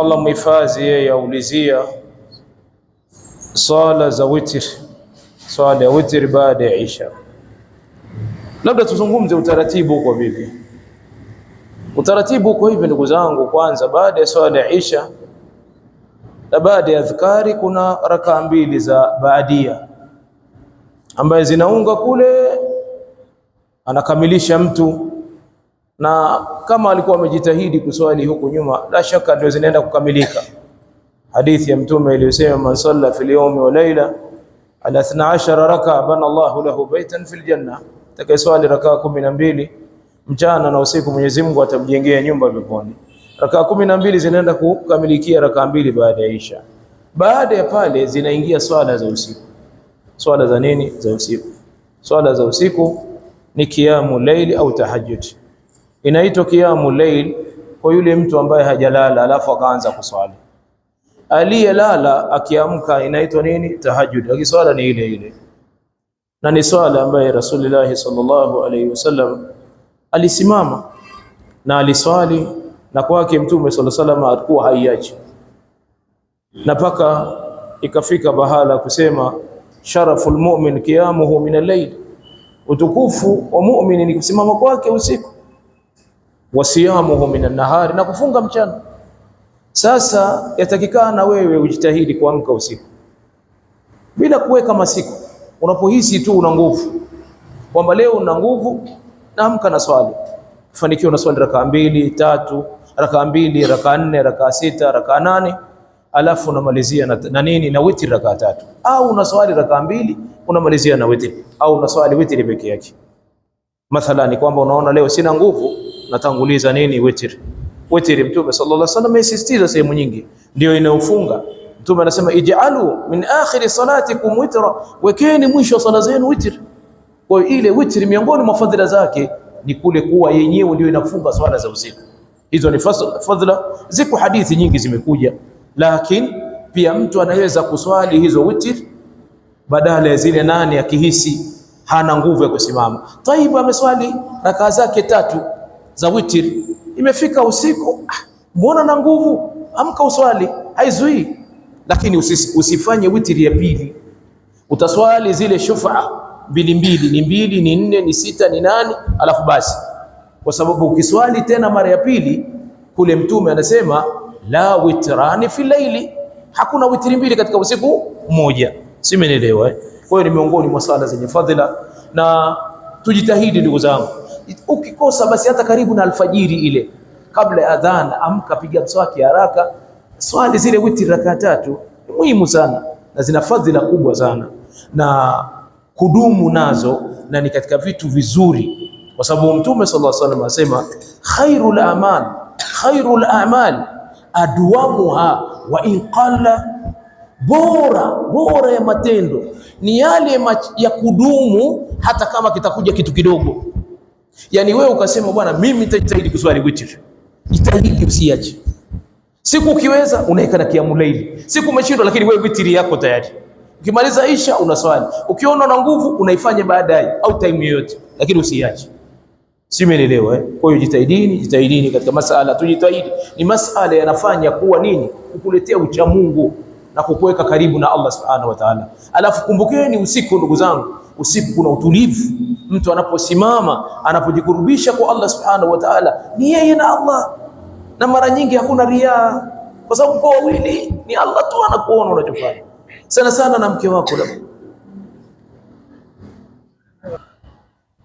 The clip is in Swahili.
Allah mhifadhi yeye, aulizia swala za witr, swala ya witr baada ya isha. Labda tuzungumze utaratibu huko vipi? Utaratibu huko hivi, ndugu zangu, kwanza baada ya swala ya isha na baada ya adhkari kuna rakaa mbili za baadia ambaye zinaunga kule, anakamilisha mtu na kama alikuwa amejitahidi kuswali huku nyuma, la shaka ndio zinaenda kukamilika. Hadithi ya Mtume iliyosema man salla fil yawmi wa layla ala 12 raka bana Allahu lahu baitan fil janna, takayeswali rakaa kumi na mbili mchana na usiku, Mwenyezi Mungu atamjengea nyumba peponi. Rakaa kumi na mbili zinaenda kukamilikia rakaa mbili baada ya Isha. Baada ya pale zinaingia swala za usiku. Swala za nini? Za usiku. Swala za usiku ni kiamu laili au tahajjud inaitwa kiamu lail kwa yule mtu ambaye hajalala alafu akaanza kuswali. Aliyelala akiamka inaitwa nini? Tahajjud, Akiswala ni ile ile, na ni swala ambaye Rasulullah sallallahu alayhi wasallam alisimama na aliswali, na kwake Mtume sallallahu alayhi wasallam alikuwa haiachi, na paka ikafika bahala kusema sharaful mu'min qiyamuhu min al-layl, utukufu wa mu'min ni kusimama kwake usiku wasiyamuhu minan nahari, na kufunga mchana. Sasa yatakikana wewe ujitahidi kuamka usiku bila kuweka masiku. Unapohisi tu una nguvu kwamba leo una nguvu, naamka na swali, fanikiwa na swali rakaa mbili tatu, rakaa mbili, rakaa nne, rakaa sita, rakaa nane, alafu unamalizia na, na nini na witri rakaa tatu, au una swali rakaa mbili unamalizia na witri, au una swali witri peke yake. Mathalani kwamba unaona leo sina nguvu natanguliza nini? witr. Witr Mtume sallallahu alaihi wasallam amesisitiza sehemu nyingi, ndio inayofunga Mtume anasema ij'alu min akhiri salatikum witra, wekeni mwisho wa sala zenu witr. Kwa hiyo ile witr miongoni mwa fadhila zake ni kule kuwa yenyewe ndio inafunga swala za usiku. Hizo ni fadhila, ziko hadithi nyingi zimekuja, lakini pia mtu anaweza kuswali hizo witr badala ya zile nane akihisi hana nguvu ya kusimama. Taiba ameswali rakaa zake tatu za witiri. Imefika usiku, ah, mbona na nguvu, amka uswali, haizuii. Lakini usifanye witiri ya pili, utaswali zile shufaa mbili mbili, ni mbili, ni nne, ni sita, ni nane, alafu basi, kwa sababu ukiswali tena mara ya pili kule Mtume anasema la witrani fi laili, hakuna witiri mbili katika usiku mmoja. Si mmenielewa eh? Kwa hiyo ni miongoni mwa sala zenye fadhila, na tujitahidi ndugu zangu Ukikosa basi hata karibu na alfajiri ile, kabla ya adhan, amka, piga mswaki haraka, swali zile witi rakaa tatu, ni muhimu sana na zina fadhila kubwa sana na kudumu nazo, na ni katika vitu vizuri, kwa sababu Mtume sallallahu alaihi wasallam asema khairul amal khairul amal adwamuha wa in qalla, bora bora ya matendo ni yale ya kudumu, hata kama kitakuja kitu kidogo. Yaani wewe ukasema bwana, mimi nitajitahidi kuswali witri. Jitahidi usiache. Siku ukiweza unaweka na kiamu laili. Siku umeshindwa lakini wewe witiri yako tayari. Ukimaliza isha unaswali. Ukiona una nguvu unaifanya baadaye au time yoyote lakini usiache. Si umeelewa eh? Kwa hiyo jitahidini, jitahidini katika masala tujitahidi. Ni masala yanafanya kuwa nini? Kukuletea ucha Mungu na kukuweka karibu na Allah Subhanahu wa Ta'ala. Alafu kumbukeni usiku ndugu zangu, usiku kuna utulivu. Mtu anaposimama anapojikurubisha kwa Allah subhanahu wa ta'ala, ni yeye na Allah, na mara nyingi hakuna riaa, kwa sababu kwa wawili ni Allah tu anakuona unachofanya, sana sana na mke wako labda